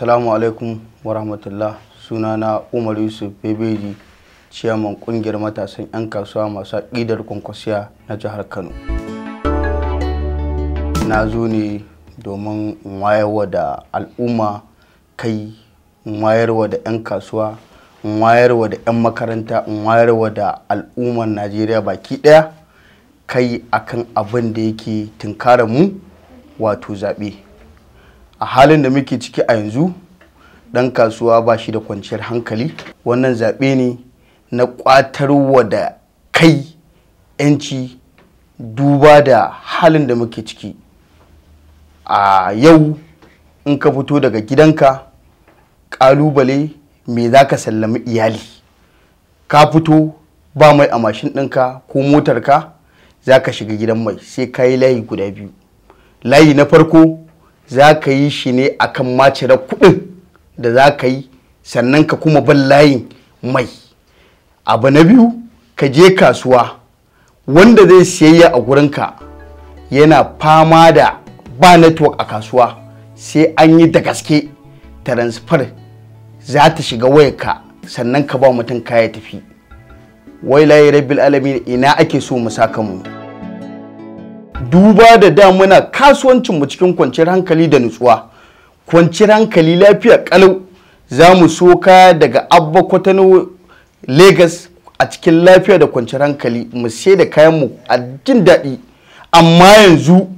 Assalamu alaikum wa rahmatullah na Umar Yusuf Bebeji ciyaman kungiyar matasan 'yan kasuwa masu aƙidar kwankwasiya na jihar Kano. Na zo ne domin wayarwa da al'umma kai wayarwa da 'yan kasuwa wayarwa da 'yan makaranta wayarwa da al'ummar Najeriya baki ɗaya kai akan abin da yake tinkara mu wato zaɓe. a halin da muke ciki a yanzu dan kasuwa ba shi da kwanciyar hankali wannan zaɓe ne na ƙwatarwa da kai 'yanci duba da halin da muke ciki a yau in ka fito daga gidanka ƙalubale me za ka sallami iyali ka fito ba mai a mashin ɗinka ko motarka za ka shiga gidan mai sai ka yi layi guda biyu layi na farko za ka yi shi ne akan macira kuɗin da za ka yi sannan ka kuma ban layin mai abu na biyu ka je kasuwa wanda zai siyayya a gurinka yana fama da ba network a kasuwa sai an yi da gaske transfer za ta shiga wayarka sannan ka ba mutum kaya tafi wai layi rabbil alamin ina ake so mu saka mu duba da da muna mu cikin kwanciyar hankali da nutsuwa kwanciyar hankali lafiya kalau za mu soka daga abba kwatano lagos a cikin lafiya da kwanciyar hankali mu sai da kayan mu a jin daɗi amma yanzu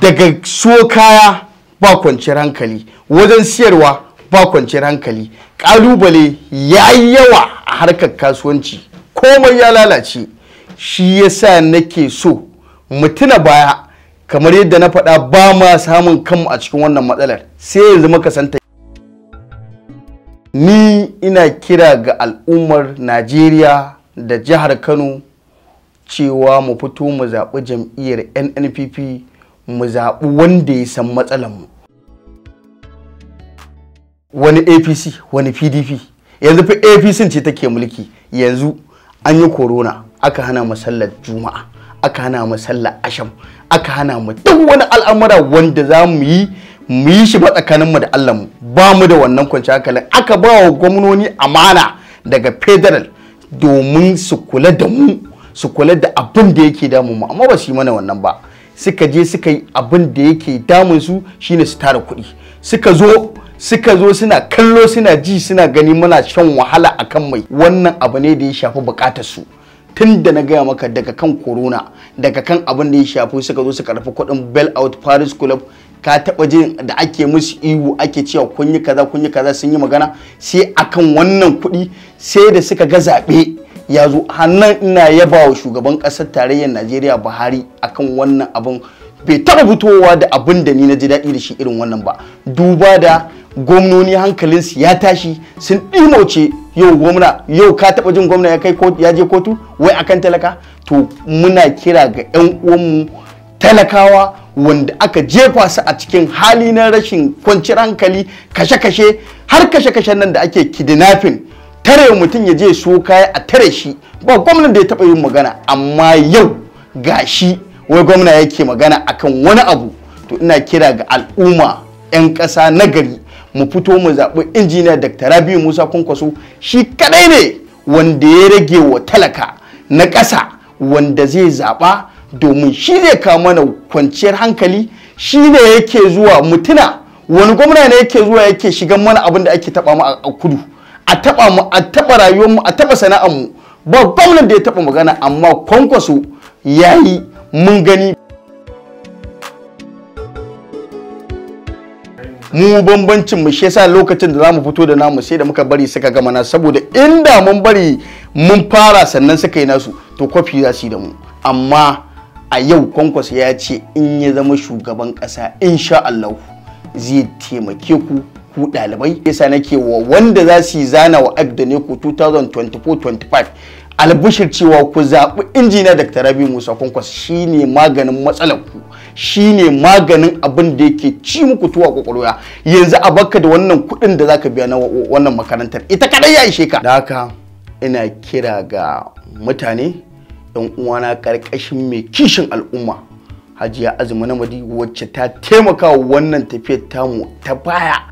daga so kaya ba kwanciyar hankali wajen siyarwa ba kwanciyar hankali ƙalubale ya yi yawa a harkar kasuwanci komai ya lalace shi yasa nake so mutuna baya kamar yadda na faɗa ba ma samun kanmu a cikin wannan matsalar sai yanzu muka santa ni ina kira ga al'ummar najeriya da jihar kano cewa mu fito mu zaɓi jam'iyyar nnpp mu zaɓi wanda ya san mu. wani apc wani pdp yanzu fi apc ce take mulki yanzu an yi korona aka hana masallar juma'a aka hana mu sallah asham aka hana mu duk wani al'amura wanda za mu yi mu yi shi tsakanin mu da Allah mu ba mu da wannan kwanci hankalin aka ba wa gwamnoni amana daga federal domin su kula da mu su kula da abin da yake damu mu amma ba su yi mana wannan ba suka je suka yi abin da yake damun su shine su tara kuɗi suka zo suka zo suna kallo suna ji suna gani muna shan wahala akan mai wannan abu ne da ya shafi bukatar su tun da na gaya maka daga kan corona daga kan abin da ya shafi suka zo su karfi kuɗin bell out paris club ka taɓa jin da ake musu iwu ake cewa kun yi kaza kun yi kaza sun yi magana sai akan wannan kuɗi sai da suka ga zaɓe ya zo hannun ina yaba wa shugaban ƙasar tarayyar najeriya buhari akan wannan abin bai taɓa fitowa da abin da ni na ji daɗi da shi irin wannan ba duba da gwamnoni hankalinsu ya tashi sun ɗimauce yau gwamna yau ka taba jin gwamna ya je kotu wai akan talaka to muna kira ga yan uwanmu talakawa wanda aka jefa su a cikin hali na rashin kwanciyar hankali kashe-kashe har kashe-kashen nan da ake kidnapping tare mutum ya je so kaya a tare shi ba gwamnan da ya taba yin magana amma yau ga shi wai gwamna yake magana akan wani abu to ina kira ga al'umma 'yan ƙasa na gari mu fito mu zaɓi injiniya dr rabiu musa kwankwaso shi kaɗai ne wanda ya rage wa talaka na ƙasa wanda zai zaɓa domin shi ne kawo mana kwanciyar hankali shi ne yake zuwa mutuna wani gwamna ne yake zuwa yake shiga mana abin da ake taɓa mu a kudu a taɓa mu a taɓa rayuwar mu a taɓa sana'ar mu ba gwamnan da ya taɓa magana amma kwankwaso yayi mun gani mu bambancin mu shi yasa lokacin da zamu fito da namu sai da muka bari suka gama na saboda inda mun bari mun fara sannan suka yi nasu to kwafi za su yi da mu amma a yau kwankwaso ya ce in ya zama shugaban kasa insha Allah zai taimake ku ku ɗalibai yasa nake wa wanda za su yi zana wa da ne ku 2024-25 albushir cewa ku zaɓi injiniya Dr. Rabi Musa Kwankwas ne maganin matsalar ku ne maganin abin da yake ci muku tuwa kwakwalwa yanzu a baka da wannan kuɗin da zaka biya na wannan makarantar ita kadai ya ishe ka da haka ina kira ga mutane yan uwana karkashin mai kishin al'umma Hajiya Azumi Namadi wacce ta taimaka wannan tafiyar tamu ta baya